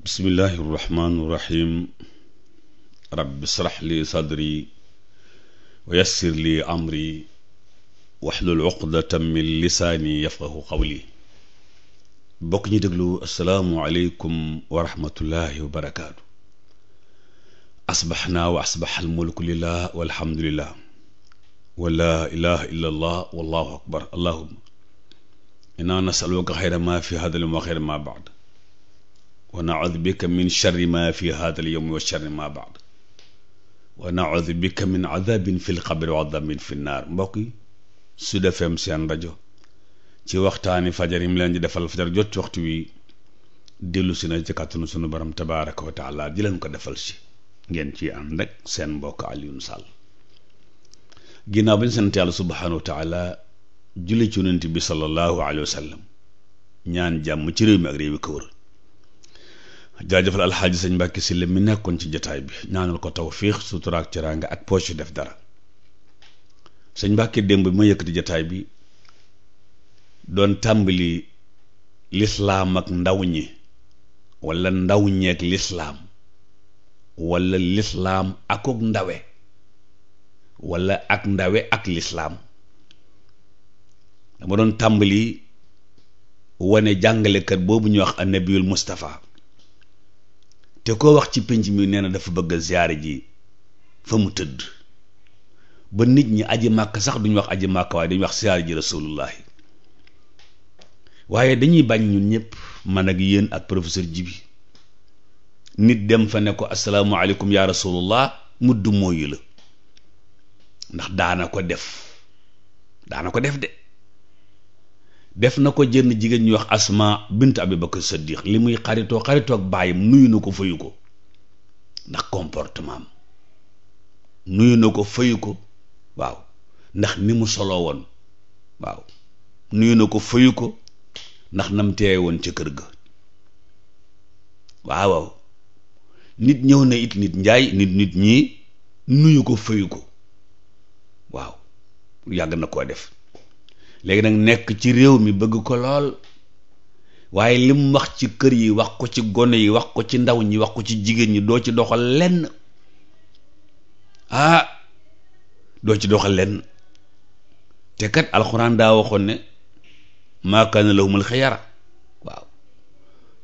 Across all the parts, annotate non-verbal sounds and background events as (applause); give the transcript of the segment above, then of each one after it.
bismillahi irrahmani irrahim rabbi srax li sadri wa yassir li amri waxlul uqdatan min lisaani yafqahu qawli bokk ñu déglu asalaamu aleykum wa rahmatullahi wa barakaatu asbaxnaa wa asbaxal mulku lillah walhamdulillah wa laa ilaha illa allah wallahu akbar allahuma inna nasaluka xayra ma fi hada lum wa xayra ma baad wa naudu bika min charri ma fi hada alyawmi wa charri ma baad wa naudu bika min adabin fi lqabri wa adabin fi nnaar mbokk yi Sud FM seen rajo ci waxtaani fajar yi mu leen di defal fajar jot ci waxtu wi dellu si na ci kàttanu sunu borom tabaraka wa taala di leen ko defal si ngeen ci ànd ak seen mbokk Alioune Sall ginnaaw bañ sant yàlla subhanahu wa taala julli ci yonent bi sallallahu alayhi wa sallam ñaan jàmm ci réew mi ak réew yi ko wër jaajëfal alxaaji sëñ Mbàkke Sylla mi nekkoon ci jataay bi ñaanal ko tawfiix suturaak teraanga ak poche def dara sëñ Mbàkke démb bi ma yëkkati jataay bi doon tàmbali lislaam ak ndaw ñi wala ndaw ñeek lislaam wala lislaam akuk ndawe wala ak ndawe ak lislaam dama doon tàmbali wane jàngalekat boobu ñu wax annabiyul Mustafa te koo wax ci pénc mi nee na dafa bëgga a ji fa mu tëdd ba nit ñi aji màkk sax duñu wax aji màkk waaye dañuy wax ziyaare ji rasulullahi waaye dañuy bañ ñun ñëpp man ak yéen ak professeur jibi nit dem fa ne ko asalaamualeykum yaa rasulullah mu du la ndax daana ko def daana ko def de def na ko jënn jigéen ñuy wax asma bint abi bakar saddiq li muy xaritoo xaritoo ak baayam nuyu na ko fayu ko ndax comportement am nuyu na ko fayu ko waaw ndax ni mu soloo woon waaw nuyu na ko fayu ko ndax nam teeye woon ca kër ga waaw nit ñëw na it nit njaay nit nit ñi nuyu ko fayu ko waaw yàgg na koo def léegi nag nekk ci réew mi bëgg ko lool waaye li wax ci kër yi wax ko ci gone yi wax ko ci ndaw ñi wax ko ci jigéen ñi doo ci doxal lenn ah doo ci doxal lenn te kat alxuraan daa waxoon ne maa kaana lahumul xiyara waaw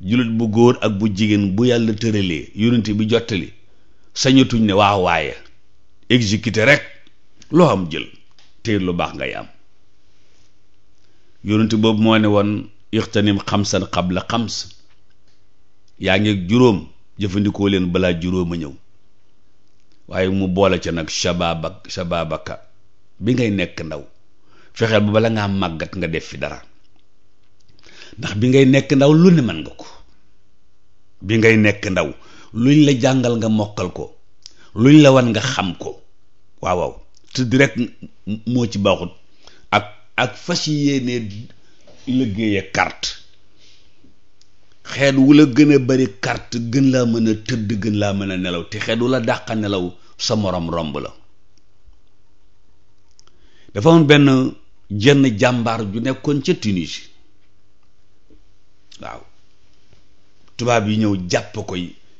jullit bu góor ak bu jigéen bu yàlla tëralee yonent bi jottali sañatuñ ne waaw waaye exécuté rek loo am jël te lu baax ngay am yonent boobu moo ne woon ixtanim xamsan xabla xams yaa ngi juróom jëfandikoo leen balaa juróom a ñëw waaye mu boole ca nag shababak shababaka bi ngay nekk ndaw fexeel ba bala ngaa màggat nga def fi dara ndax bi ngay nekk ndaw lu ne mën nga ko bi ngay nekk ndaw luñ la jàngal nga mokkal ko luñ la wan nga xam ko waaw waaw te direct moo ci baaxut ak fas yéene liggéeye carte xeet wu la gën a bari carte gën laa mën a tëdd gën laa mën a nelaw te xeet wu la dàqa nelaw sa morom romb la dafa amoon benn jenn jàmbaar ju nekkoon ca Tunisie waaw tubaab yi ñëw jàpp ko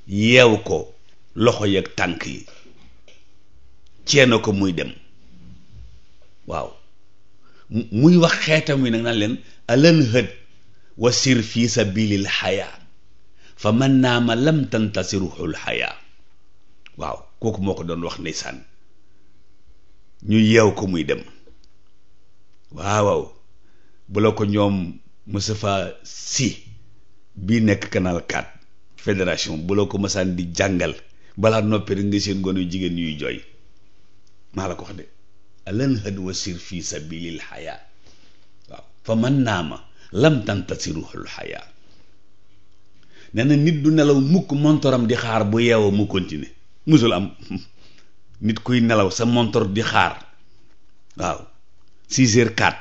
yeew ko loxo yeeg tànk yi ceena ko muy dem waaw muy wax xeetam wi nag naan leen alan hët wa sir fii sabilil xayaa fa man naama lam tantasiruhul xayaa waaw kooku moo ko doon wax ndeysaan ñu yeew ko muy dem waaw bu la ko ñoom Moustapha si bii nekk canal 4 fédération bu la ko mësaan di jàngal balaa noppi rek nga seen gonu jigéen ñuy jooy maa la ko wax alan had wasir fii sabilil xayaa waaw fa man naa ma lam tantasiruhul xayaa nee na nit du nelaw mukk montoram di xaar bu yeewa mu continuer musul kuy nelaw sa montor di xaar waaw six heures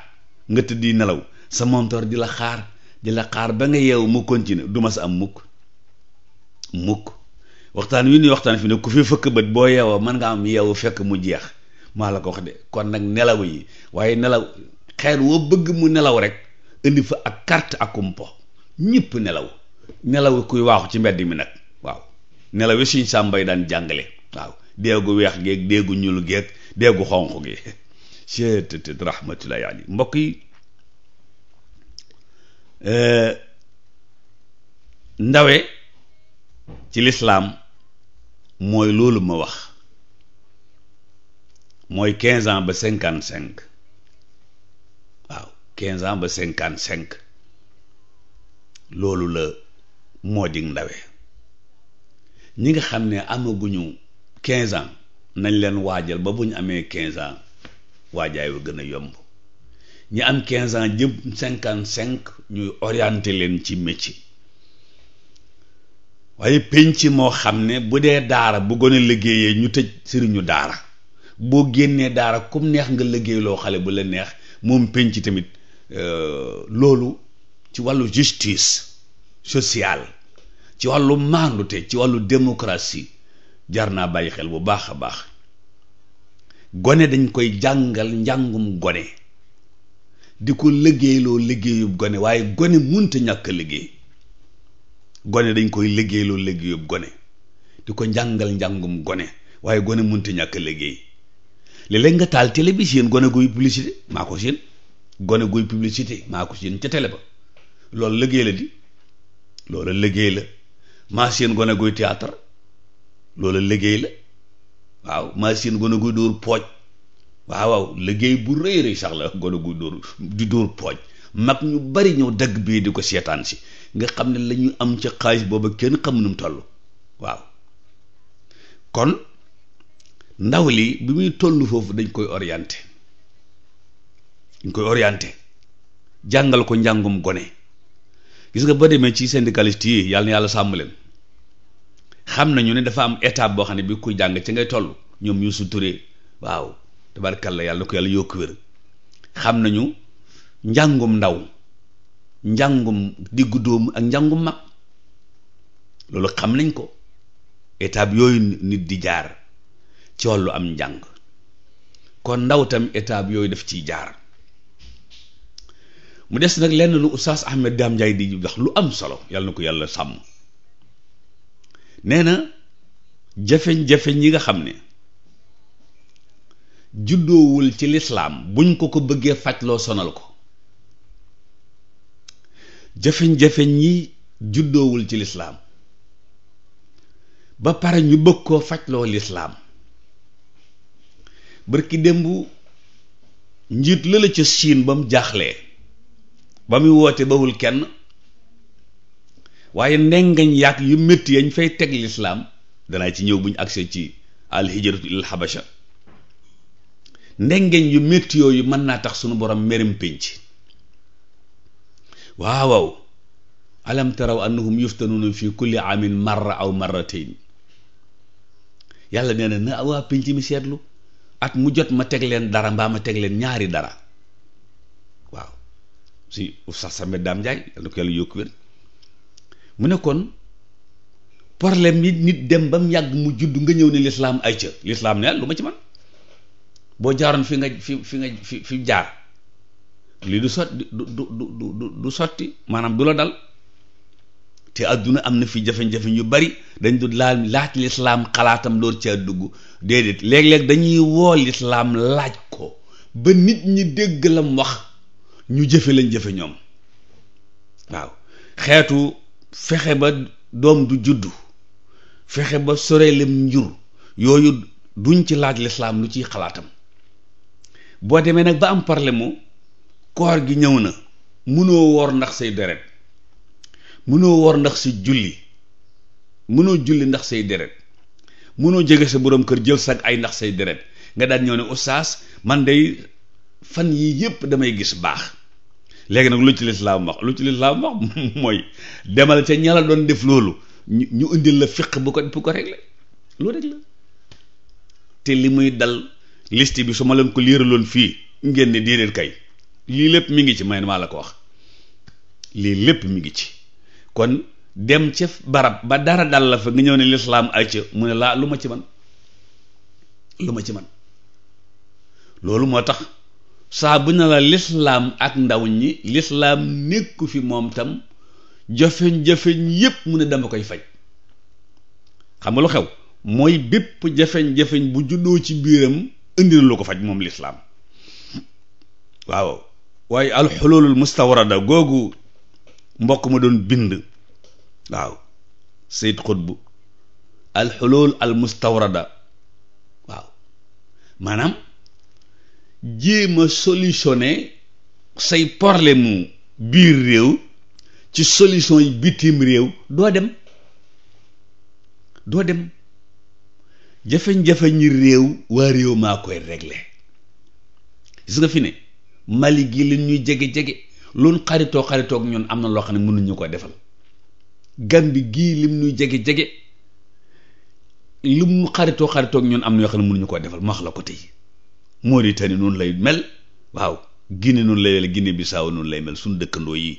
nga tëdd di nelaw sa montor di la xaar di la xaar ba nga yeewu mu continuer du ma am mukk mukk waxtaan wi ñuy waxtaan fi ne ku fi fëkk bët boo yeewoo mën nga am yeewu fekk mu jeex maa la ko wax de kon nag nelaw yi waaye nelaw xeer woo bëgg mu nelaw rek indi fa ak kart ak kumpo ñëpp nelaw nelaw kuy waaxu ci mbedd mi nag waaw nelaw yi suñ sàmbay daan jàngale waaw deegu weex géeg deegu ñuul géeg deegu xonq gi (laughs) seetëtët rahmatullahi ali mbokk yi eh, ndawe ci lislaam mooy loolu ma wax mooy quinze ans ba cinquante cinq waaw quinze ans ba cinquante cinq loolu la moo di ndawee ñi nga xam ne amaguñu quinze ans nañ leen waajal ba bu ñu amee quinze ans waajaay wa gën a yomb ñi am quinze ans jëm cinquante cinq ñuy orienté leen ci métier waaye ci moo xam ne bu dee daara bu gën a liggéeyee ñu tëj sëriñu daara boo génnee daara comme neex nga liggéeyloo xale bu la neex moom ci tamit euh, loolu ci wàllu justice sociale ci wàllu maandute ci wàllu démocratie jar naa bàyyi xel bu baax a baax gone dañ koy jàngal njàngum gone di ko liggéeyloo liggéeyub gone waaye gone munta ñàkk liggéey gone dañ koy liggéeyloo liggéeyub gone di ko njàngal njàngum gone waaye gone munta ñàkk liggéey léeg-léeg nga taal télé bi seen gone guy publicité maa ko seen gone guy publicité maa ko seen ca télé ba loolu liggéey la di loolu liggéey la maa seen gone guy théâtre loolu liggéey la waaw maa seen gone guy dóor pooj waaw waaw liggéey bu rëy rëy sax la gone guy dóor di dóor pooj mag ñu bari ñëw dagg bii di ko seetaan si nga xam ne la am ca xaalis booba kenn xam nu toll waaw kon ndaw li bi muy tollu foofu dañ koy orienté dañ koy orienté jàngal ko njàngum gone gis nga ba demee ci syndicaliste yi yàlla na yàlla sàmm leen xam nañu ne dafa am étape boo xam ne bi koy jàng ci ngay toll ñoom ñu suturee waaw tabarkalla yàlla ko yàlla yokku xam nañu njàngum ndaw njàngum diggu dóomu ak njàngum mag loolu xam nañ ko étape yooyu nit di jaar ci lu am njàng kon ndaw tam étape yooyu def ci jaar mu des nag lenn lu oustaz Ahmed Dame Ndiaye di wax lu am solo yàlla na ko yàlla sàmm nee na jafeñ-jafeñ yi nga xam ne juddoowul ci lislaam buñ ko ko bëggee fajloo sonal ko jafeñ-jafeñ yi juddoowul ci lislaam ba pare ñu bëgg koo fajloo lislaam bërki démb njiit la la ca Chine ba mu jaaxlee ba muy woote bawul kenn waaye ndengañ yàgg yu métti yañ fay teg lislaam danaa ci ñëw buñ agsee ci alhijratu ilal xabasha ndengeñ yu métti yooyu mën naa tax sunu borom merim pénc waaw a alam taraw annahum yuftanuuna fi kulli aamin marra aw marratayn yàlla nee na na waa pénc mi seetlu at mu jot ma teg leen dara mbaa ma teg leen ñaari dara waaw si oustaz Samet Daam Njaay lu ko yàlla yokk wér mu ne kon yi nit dem ba mu yàgg mu judd nga ñëw ni lislaam ay ca lislaam ne lu ma ci man boo jaaroon fi nga fi fi nga fi fi jaar lii du sot du du du du du sotti maanaam du la dal te àdduna am na fi jafe-jafe yu bari dañ du laal laaj lislaam xalaatam loolu caa dugg déedéet léeg-léeg dañuy woo lislaam laaj ko ba nit ñi dégg lam wax ñu jëfe lañ jëfe ñoom waaw xeetu fexe ba doom du juddu fexe ba soreelem njur yooyu duñ ci laaj lislaam lu ciy xalaatam boo demee nag ba am problème mu koor gi ñëw na mënoo woor ndax say deret mënoo wor ndax si julli mënoo julli ndax say deret mënoo jege sa boroom kër jël sag ay ndax say deret nga daan ñoo ne oustaz man day fan yii yépp damay gis baax léegi nag lu ci lislaam wax lu ci lislaam wax (laughs) mooy demal ca ñala doon def loolu ñu indil la fiq bu ko bu ko régler loolu rek la te li muy dal liste bi su ma leen ko liiraloon fii ngeen ne déedéet kay lii lépp mi ngi ci may maa la ko wax lii lépp mi ngi ci kon dem ca barab ba dara dal la fa nga ñëw ne lislaam ay mu ne laa lu ma ci man lu ma ci man loolu moo tax saa na la lislaam ak ndaw ñi lislaam nekku fi moom tam jafeñ-jafeñ yépp mu ne dama koy faj xam nga lu xew mooy bépp jafeñ-jafeñ bu juddoo ci biiram indi na lu ko faj moom lislaam waaw waaye alxululul mustawrada googu mbokk ma doon bind waaw sayid xutbu al xulul al mustawrada waaw maanaam jéem a say problème biir réew ci solution yi bitim réew doo dem doo dem jafe-jafe ñi réew waa réew maa koy réglé gis nga fi ne Mali gi li jege-jege loolu xaritoo xaritoog ñun am na loo xam ne mënuñu koo defal gan bi gii lim nuy jege jege lim mu xaritoo xaritoog ñun am na yoo xam ne mënuñu ko defal ma la ko tey Mauritanie noonu lay mel waaw Guinée noonu lay mel Guinée Bissau noonu lay mel suñu dëkkandoo yi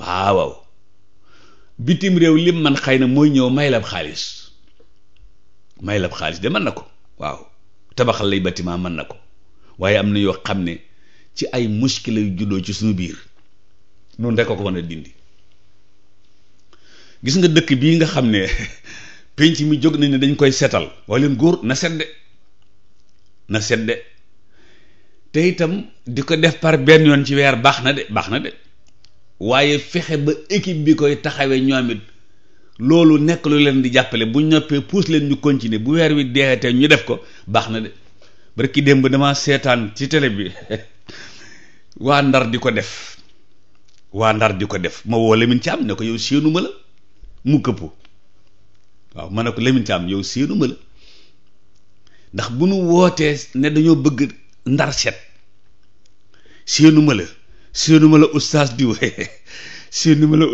waaw bitim réew lim man xëy na mooy ñëw maylab xaalis may xaalis de mën na ko waaw tabaxal lay bâtiment mën na ko waaye am na yoo xam ne. ci ay muskila yu juddoo ci suñu biir noonu rek ko ko mën a dindi gis nga dëkk bii nga xam ne (laughs) penc mi jóg nañ ne dañ koy setal wala leen góor na sedde na sedde te itam di ko def par benn yoon ci weer baax na de baax na de waaye fexe ba équipe bi koy taxawee ñoom loolu nekk lu leen di jàppale bu ñoppee puus leen ñu continuer bu weer wi deewee ñu def ko baax na de barki démb damaa seetaan ci tele bi (laughs) waa ndar di ko def waa ndar di ko def ma woo Lamine Thiam ne ko yow séenu ma la mu këpp waaw ma ne ko Lamine Thiam yow séenu ma la bu nu wootee ne dañoo bëgg ndar set séenu ma la séenu ma la ustaas diw (laughs) séenu ma la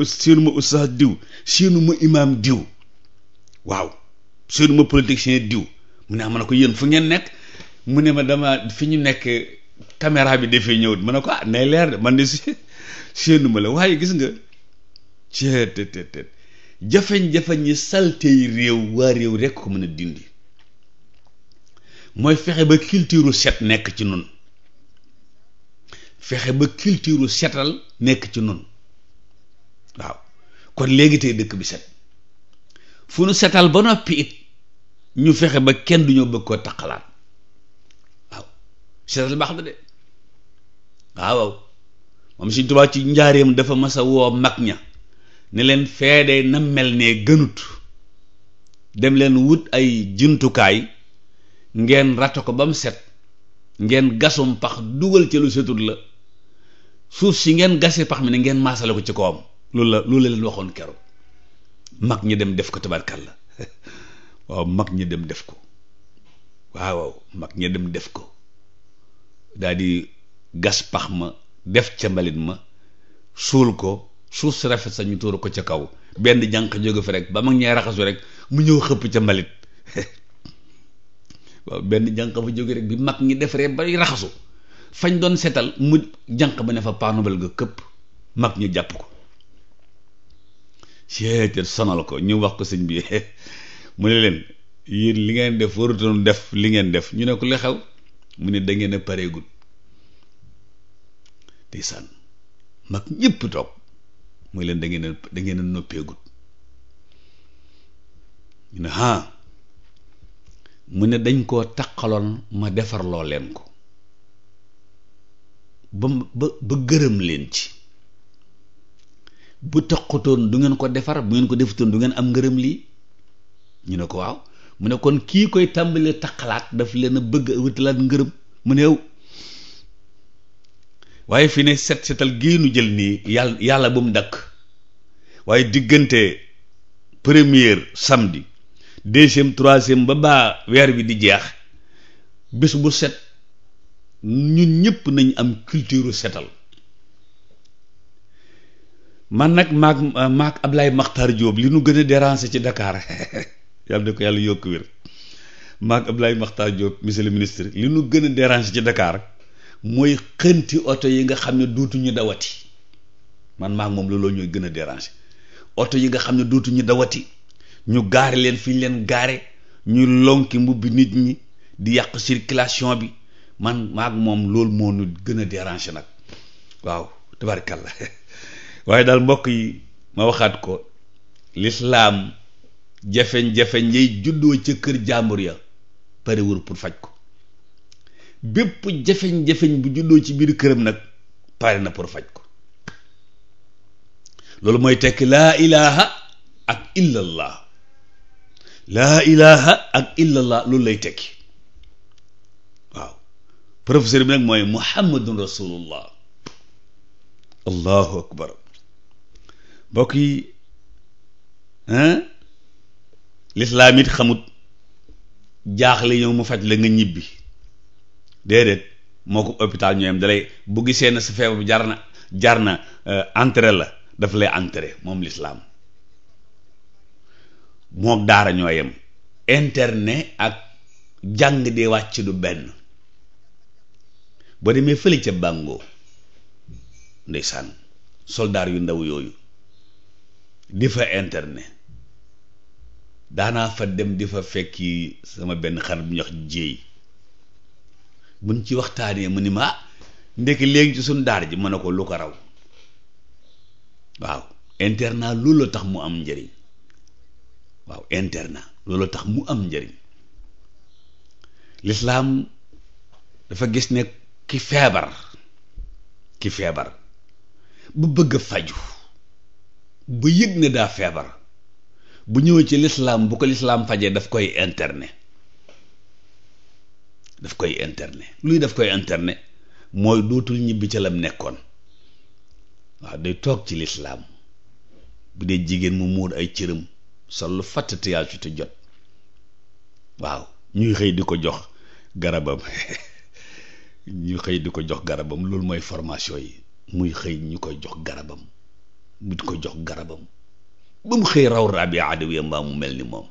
ustaas diw séenu ma imaam diw waaw séenu ma politicien diw mu ne ah ma ne ko yéen fu ngeen nekk mu ne ma dama fi ñu nekk. caméra bi dafee ñëwut man ne ko ah nay leer de man de si (laughs) séenu ma la waaye gis nga ceet tet jafeñ-jafeñ yi salte yi réew waa réew rekk ko mën a dindi mooy fexe ba culture set nekk ci nun fexe ba culture setal nekk ci nun waaw kon léegi tey dëkk bi set fu nu setal ba noppi it ñu fexe ba kenn du ñoo bëgg koo taqalaat waaw setal baax na de waaw moom Sëñ ci njaareem dafa mas woo mag ña ne leen feede na mel ne gënut dem leen wut ay jumtukaay ngeen ratt ko ba mu set ngeen gasum pax dugal ci lu la suuf si ngeen gasee pax mi ne ngeen maasale ko ci kawam loolu la keroog mag ñi dem def ko tabarkalla (laughs) waaw mag ñi dem def ko waaw mag ñi dem def ko daal gas pax ma def ca mbalit ma suul ko suuf si rafet sax ñu tuur ko ca kaw benn jànq jóge fi rek ba mag ñee raxasu rek mu ñëw xëpp ca mbalit (laughs) benn janq fa jóge rek bi mag ñi defaree bay raxasu fañ doon seetal mu jànq ba ne fa paanubal ga këpp mag ñu jàpp ko seete sonal ko ñu wax ko sëñ bi (laughs) mu ne leen yéen li ngeen def warutoon def li ngeen def ñu ne ko li xew mu ne dangeen ngeen a ndeysaan mag ñëpp toog mooy leen da dangeen a da ngeen ñu ne ah mu ne dañ koo taxaloon ma defarloo leen ko ba ba ba gërëm leen ci bu taqatoon du ngeen ko defar bu ngeen ko defutoon du ngeen am ngërëm lii ñu ne ko waaw mu ne kon kii koy tàmbalee taqalaat daf leen a bëgg wutalaat ngërëm mu ne waaye fi ne set setal gii nu jël nii yàlla yàlla bu mu dakk waaye diggante première samdi deuxième troisième ba baa weer bi di jeex bés bu set ñun ñëpp nañ am culture setal man nag maak maak Ablaye Makhtar Diop li nu gën a déranger ci Dakar (laughs) yàlla na ko yàlla yokk wér maak Ablaye Makhtar Diop monsieur le ministre li nu gën a déranger ci Dakar mooy xënti oto yi nga xam ne dootuñu dawati man maa moom looloo ñooy gën a déranger oto yi nga xam ne dootuñu dawati ñu gaare leen fi ñu leen gaare ñu lonki mbubbi nit ñi di yàq circulation bi man maa moom loolu moo ñu gën a déranger nag waaw tabarkalla (laughs) waaye daal mbokk yi ma waxaat ko lislaam jafeñ jafeñ yay juddoo ca kër jàmbur ya parewul pour faj ko bépp jafeñ-jafeñ bu juddoo ci biir këram nag pare na pour faj ko loolu mooy tekki laa ilaha ak illallah laa loolu lay tekki waaw professeur bi nag mooy muhammadun rasulullah allahu akbar mbokk yi lislaam it xamut jaaxle ñëw mu faj la nga ñibbi déedéet moo ko hôpital ñooyam dalay bu gisee na sa feebar bi jar na jar na euh, entré la dafa lay entré moom lislaam mook daara ñooyam internet ak jàng dee wàcc du benn boo demee fële ca bàngoo ndeysaan soldaar yu ndaw yooyu di fa internet daanaa fa dem di fa fekki sama benn xarit bu ñuy wax buñ ci waxtaanee mu ni ma ah ndekki léegi ci suñ daar ji mën na ko lu ko raw waaw interna loolu la tax mu am njëriñ waaw internat loolu la tax mu am njëriñ lislaam dafa gis ne ki feebar ki feebar bu bëgg faju bu yëg ne daa feebar bu ñëwee ci lislaam bu ko lislaam fajee daf koy interne daf koy internet luy daf koy internet mooy dootul ñibbi ca lam nekkoon waaw day toog ci lislaam bu dee jigéen mu muur ay cëram sol lu fàttatiyaaju te jot waaw ñuy xëy di ko jox garabam (laughs) ñuy xëy di ko jox garabam loolu mooy formation yi muy xëy ñu koy jox garabam mu di ko jox garabam ba mu xëy raw raabi adawiya mbaa mu mel ni moom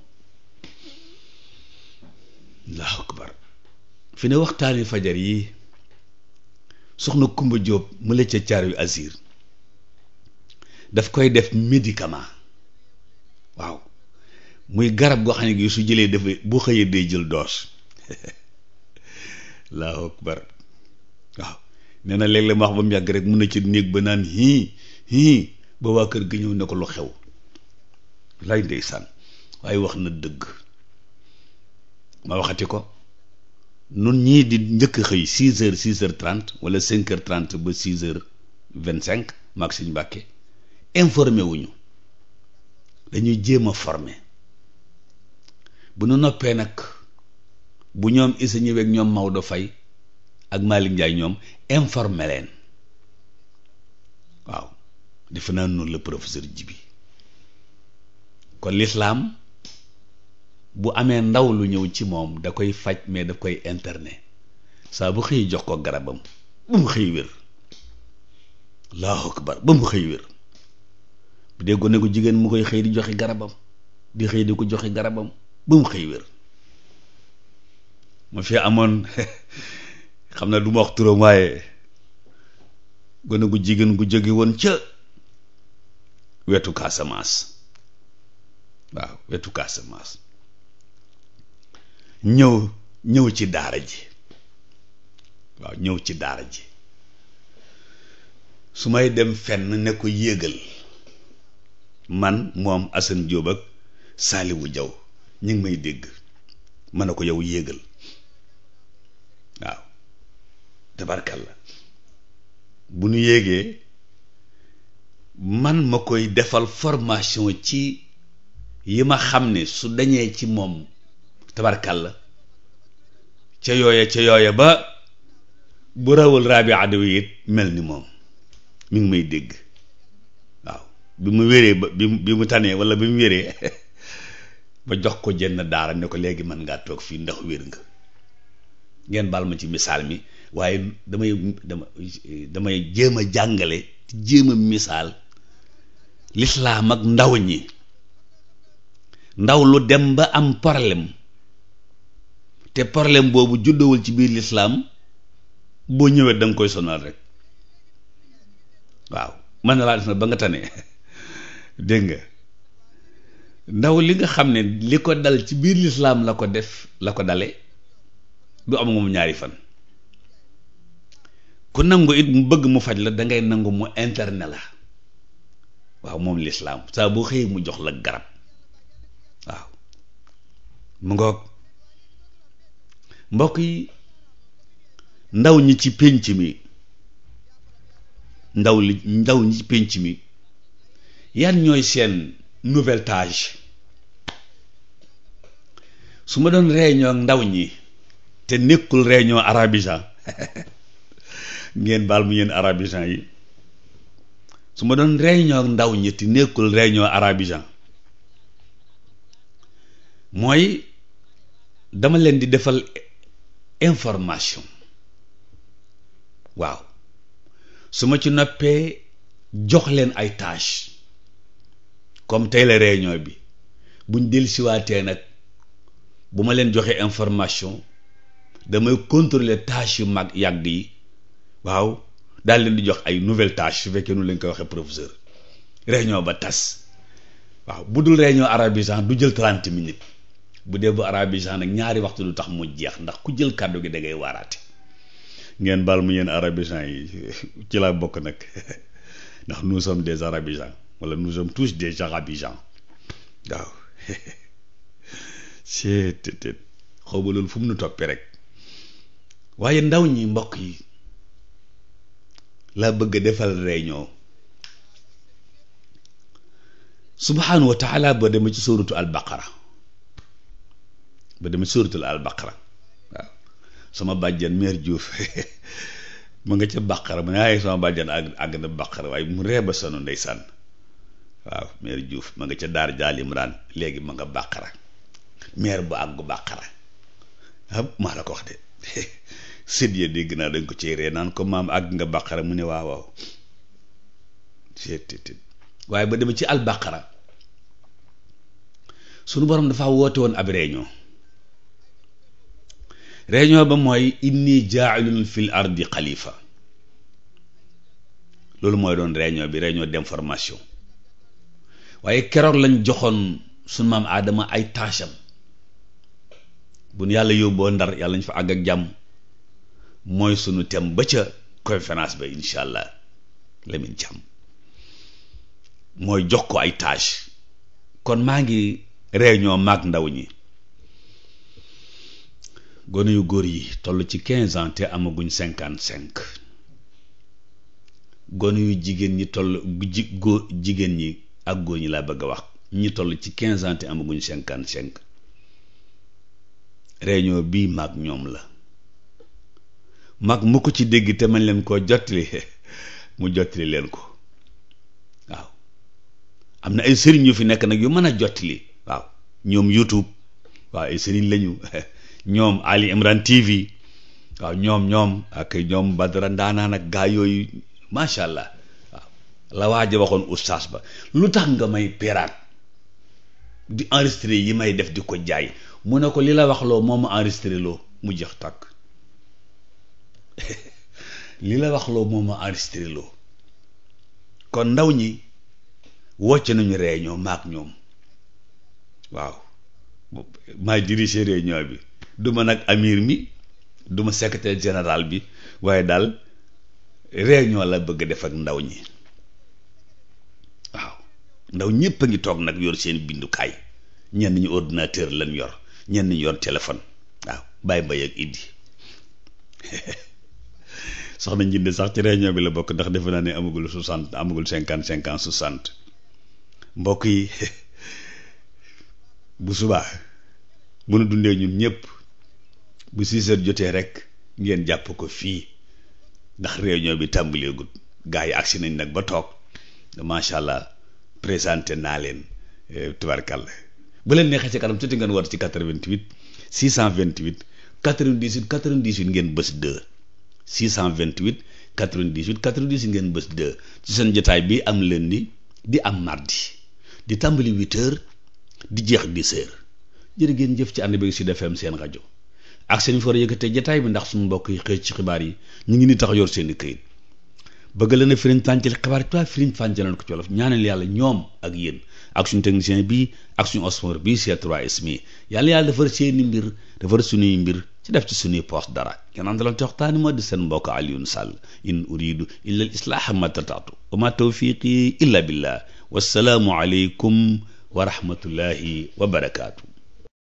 allahu akbar fi ne waxtaani fajar yi soxna Kumba Jóob mu la ca caar yu asir daf koy def médicament waaw muy garab goo xam ne gi su jëlee dafa bu xëyee day jël doos (laughs) allahu akbar waaw nee na léeg-léeg ma wax ba mu yàgg rek mun na ci néeg ba naan hii hii ba waa kër gi ñëw ne ko lu xew lay ndeysaan waaye wax na dëgg ma waxati ko nun ñii di njëkk xëy 6 heures 6 heures 30 wala 5 heures 30 ba 6 heures 25 maag suñu mbàkke informé wuñu dañuy jéem a formé bu nu noppee nag bu ñoom isa ñëweeg ñoom Maodo Faye ak Malick Ndiaye ñoom informé leen waaw defe naa noonu la professeur jibi kon lislaam bu amee ndaw lu ñëw ci moom da koy faj mais daf koy interner saa bu xëy jox ko garabam ba mu xëy wér allahu akbar ba mu xëy wér jigéen mu koy xëy di joxe garabam di xëy di ko joxe garabam ba mu xëy wér fi amoon (laughs) xam na du ma wax turam waaye gone gu jigéen gu jóge woon ca wetu Casamance waaw wetu Casamance ñëw ñëw ci daara ji waaw ñëw ci daara ji su may dem fenn ne ko yéegal man moom Assane Diop ak Saliwu Jaw ñu ngi may dégg ma ne ko yow yéegal waaw la bu nu yéegee man ma koy defal formation ci yi ma xam ni su dañee ci moom tabarkalla ca yooya ca yooya ba bu rawul raabi adawi mel ni moom mi ngi may dégg waaw bi mu wéree bi mu tanee wala bi mu wéree (laughs) ba jox ko jenn daara ne ko léegi mën ngaa toog fii ndox wér nga ngeen baal ma ci misaal mi waaye damay damay jéem a jàngale jéem a misaal lislaam ak ndaw ñi ndaw lu dem ba am problème te problème boobu juddowul ci biir lislaam boo ñëwee danga nga koy sonal rek waaw mën na laa def na ba nga tane (laughs) dégg nga ndaw li nga xam ne li ko dal ci biir lislaam la ko def la ko dale du am nga mu ñaari fan ku nangu it mu bëgg mu faj la dangay nangu mu interne la waaw moom lislaam saa boo xëyee mu jox la garab waaw mu ngoog mbokk yi ndaw ñi ci pénc mi ndaw li ndaw ñi ci pénc mi yan ñooy seen nouvelle tâche su ma doon réunion ndaw ñi te nekkul réunion arabisan (laughs) ngeen baal mu yéen arabisan yi su ma doon réunion ndaw ñi te nekkul réunion arabisan mooy dama leen di defal information waaw su ma ci noppee jox leen ay tâche comme tey la réunion bi buñ dellusiwaatee nag bu ma leen joxee information damay contrôler tâche yu mag yàgg yi waaw daal leen di jox ay nouvelle tâche su fekkee nu leen koy waxee professeur réunion ba tas waaw bu dul réunion arabe du jël trente minutes bu dee bu arabisant nag ñaari waxtu lu tax mu jeex ndax ku jël kàddu gi da ngay ngeen baal mu yéen arabisant yi (laughs) ci laa bokk nag (laughs) ndax nous sommes des arabisants wala nous sommes des arabisants waaw (laughs) c'est tout xaw ma loolu fu mu nu toppee rek waaye ndaw ñi mbokk yi laa bëgg a defal réunion subhaanahu wa taala ba dem ci sóoratu al baqara ba dem suuratul al baqara waaw sama bàjjan meer juuf mu nga ca baqara mu ne ay àgg na baqara waaye mu ree ba sonu ndeysaan waaw meer Diouf ma nga ca daar jaal imran léegi ma nga baqara meer bu àggu baqara ah maa ko wax (laughs) dégg naa dañ ko ci naan ko maam àgg nga baqara mu ne waaw waaye ba demee ci al baqara sunu borom dafa woote woon ab réunion réunion ba mooy inni jaailun fil ardi xalifa loolu mooy doon réunion bi dem d'information waaye keroog lañ joxoon suñ maam aadama ay tâche bu nu yàlla yóbboo ndar yàlla ñu fa àgg ak jàmm mooy sunu tem ba ca conférence ba incha allah Lamine Thiam mooy jox ko ay tâche kon maa ngi réunion maag ndaw ñi gone yu góor yi toll ci quinze ans te amaguñ cinquante cinq gone yu jigéen ñi toll ji góor jigéen ñi ak góor ñi laa bëgg a wax ñi toll ci quinze ans te amaguñ cinquante cinq réunion bii maag ñoom la mag mu ko ci dégg te mañ leen koo jottali (laughs) mu jottali leen ko waaw am na ay sëriñ yu fi nekk nag yu mën a jottali waaw ñoom YouTube waaw ay sëriñ lañu (laughs) ñoom Ali Imran TV waaw ñoom ñoom ak ñoom Badara Ndaanaan ak gaa yooyu macha allah la waa a waxoon oustaz ba lu tax nga may peraat di enregistré yi may def di ko jaay mu ne ko li la waxloo moom moo ma loo mu jeex takk (laughs) li la waxloo loo moo ma loo kon ndaw ñi wocc nañu réunion maak ñoom waaw maa dirigé réunion bi. du ma nag amir mi duma secretaire secrétaire général bi waaye daal réunion la bëgg def ak ndaw ñi waaw ndaw ñëpp a ngi toog nag yor seen bindukaay ñenn ñu ordinateur lañ yor ñenn ñu yor téléphone waaw bàyyi mbay ak iddi (laughs) soxna Njinde sax ci réunion bi la bokk ndax defe naa ne amagul soixante amagul cinquante cinq ans soixante mbokk yi (laughs) bu subaa mën dundee ñun ñëpp bu six heures jotee rek ngeen jàpp ko fii ndax réunion bi tàmbaleegut gars yi agsi nañ nag ba toog macha allah présente naa leen eh, tubarkalla bu leen neexee ci kanam tuuti ngeen war ci 88 628 98 98 ngeen bës 2 628 98 98 ngeen bës 2 ci seen jotaay bi am leen di di am mardi di tàmbali 8 di jeex 10 heures ngeen jëf ci ànd bi Sud FM seen rajo. ak seen fi war a yëkkatee jataay bi ndax suñu mbokk yi xëy ci xibaar yi ñu ngi ni tax yor seen i këyit bëgg la na firiñ fàncal xibaar tubaab firiñ fàncalan ko ci wolof ñaanal yàlla ñoom ak yéen ak suñu technicien bii ak suñu osmor bii C3S e mi yàlla yàlla defar seeni mbir defar suñuy mbir ci def ci suñuy poos dara kenn àndaloon te waxtaani moo di seen mbokk Alioune Sall in uridu illa al islaaha ma tataatu wa ma tawfiqi illa billah wassalaamu aleykum wa rahmatullahi wa barakaatu